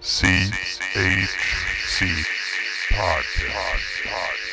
C H C Podcast.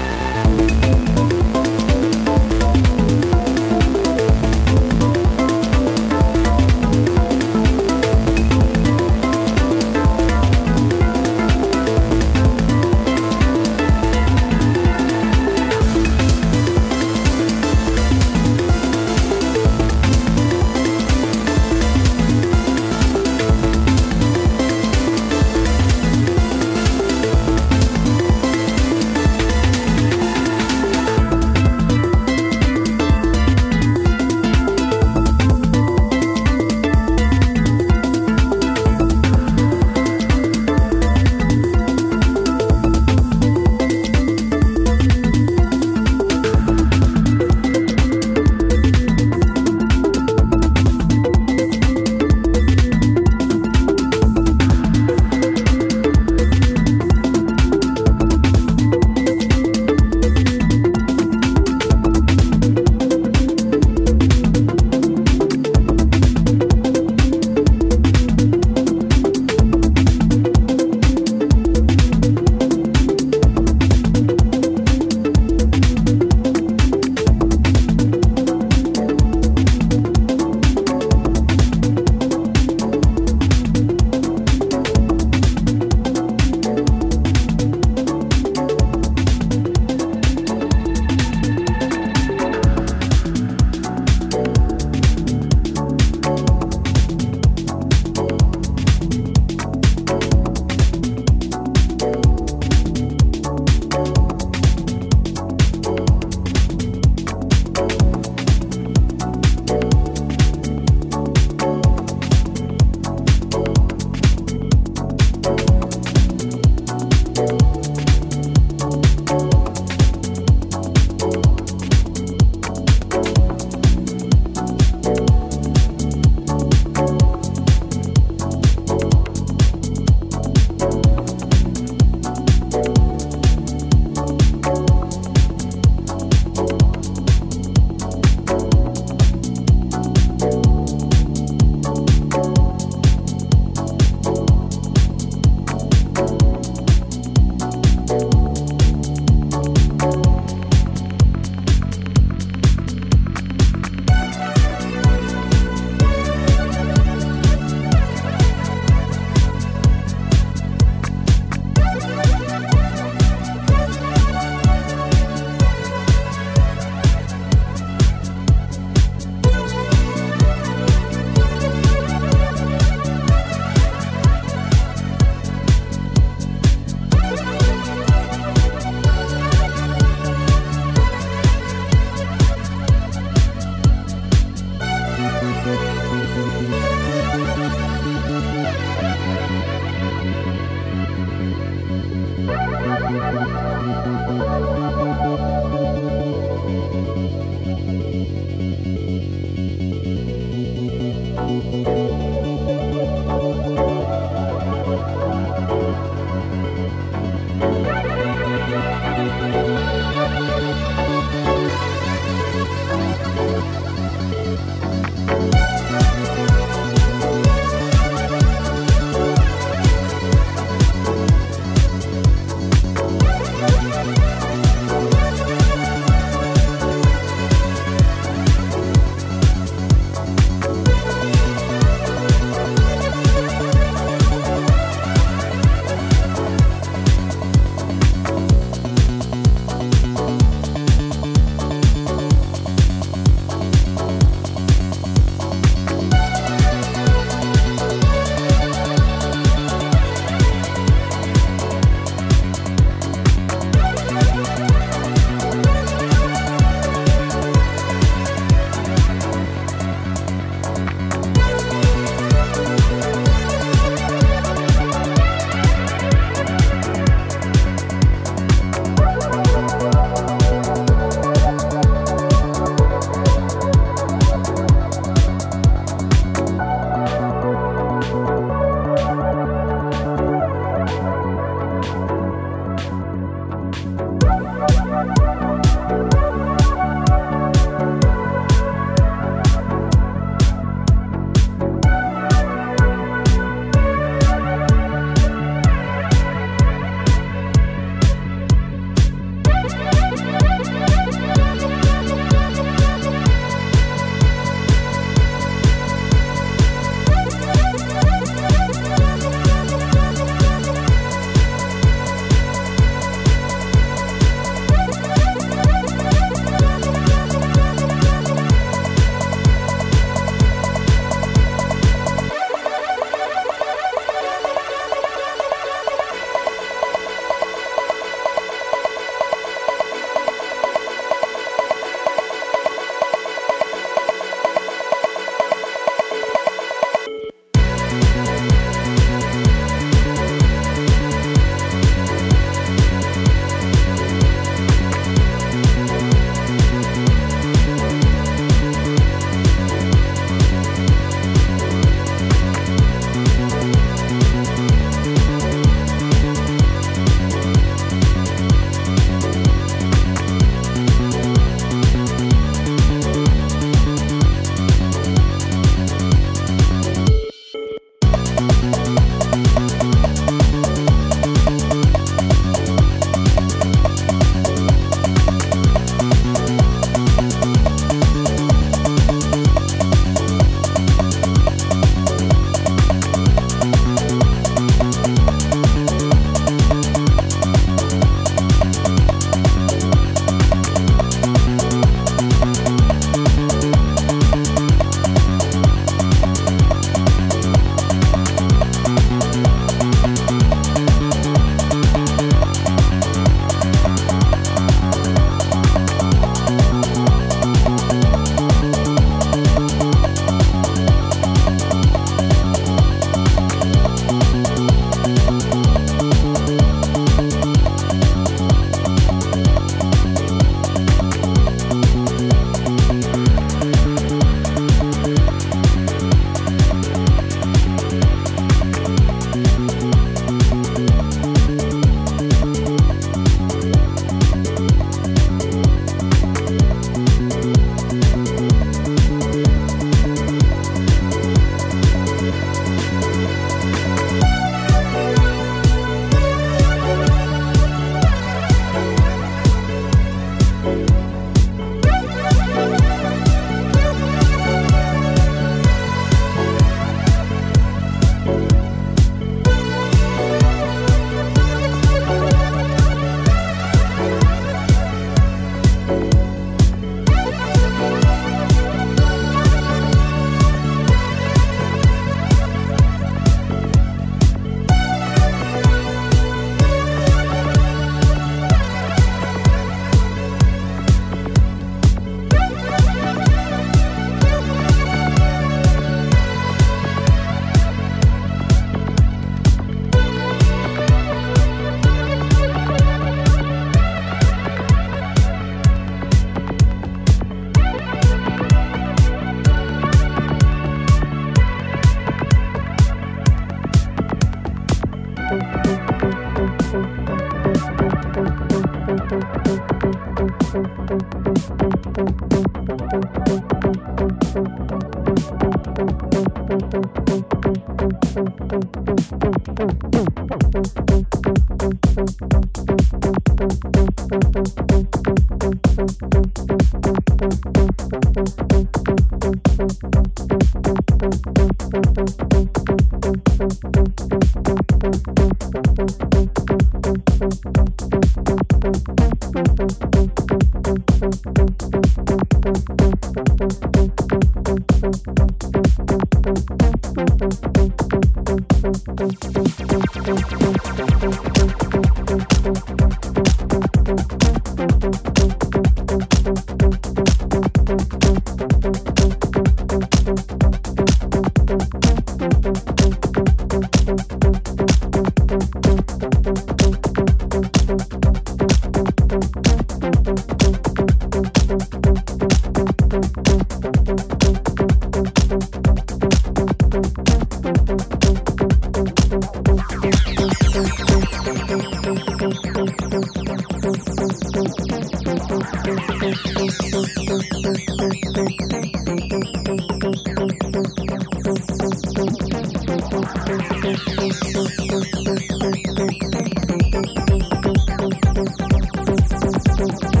Thank you.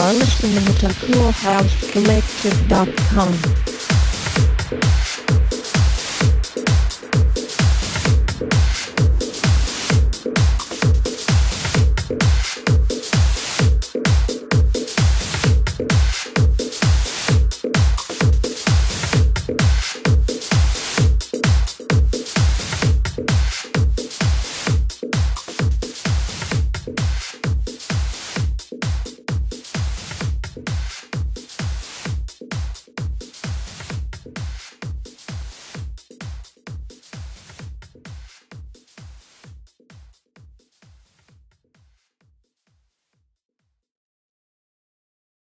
are listening to CoolHouseCollective.com.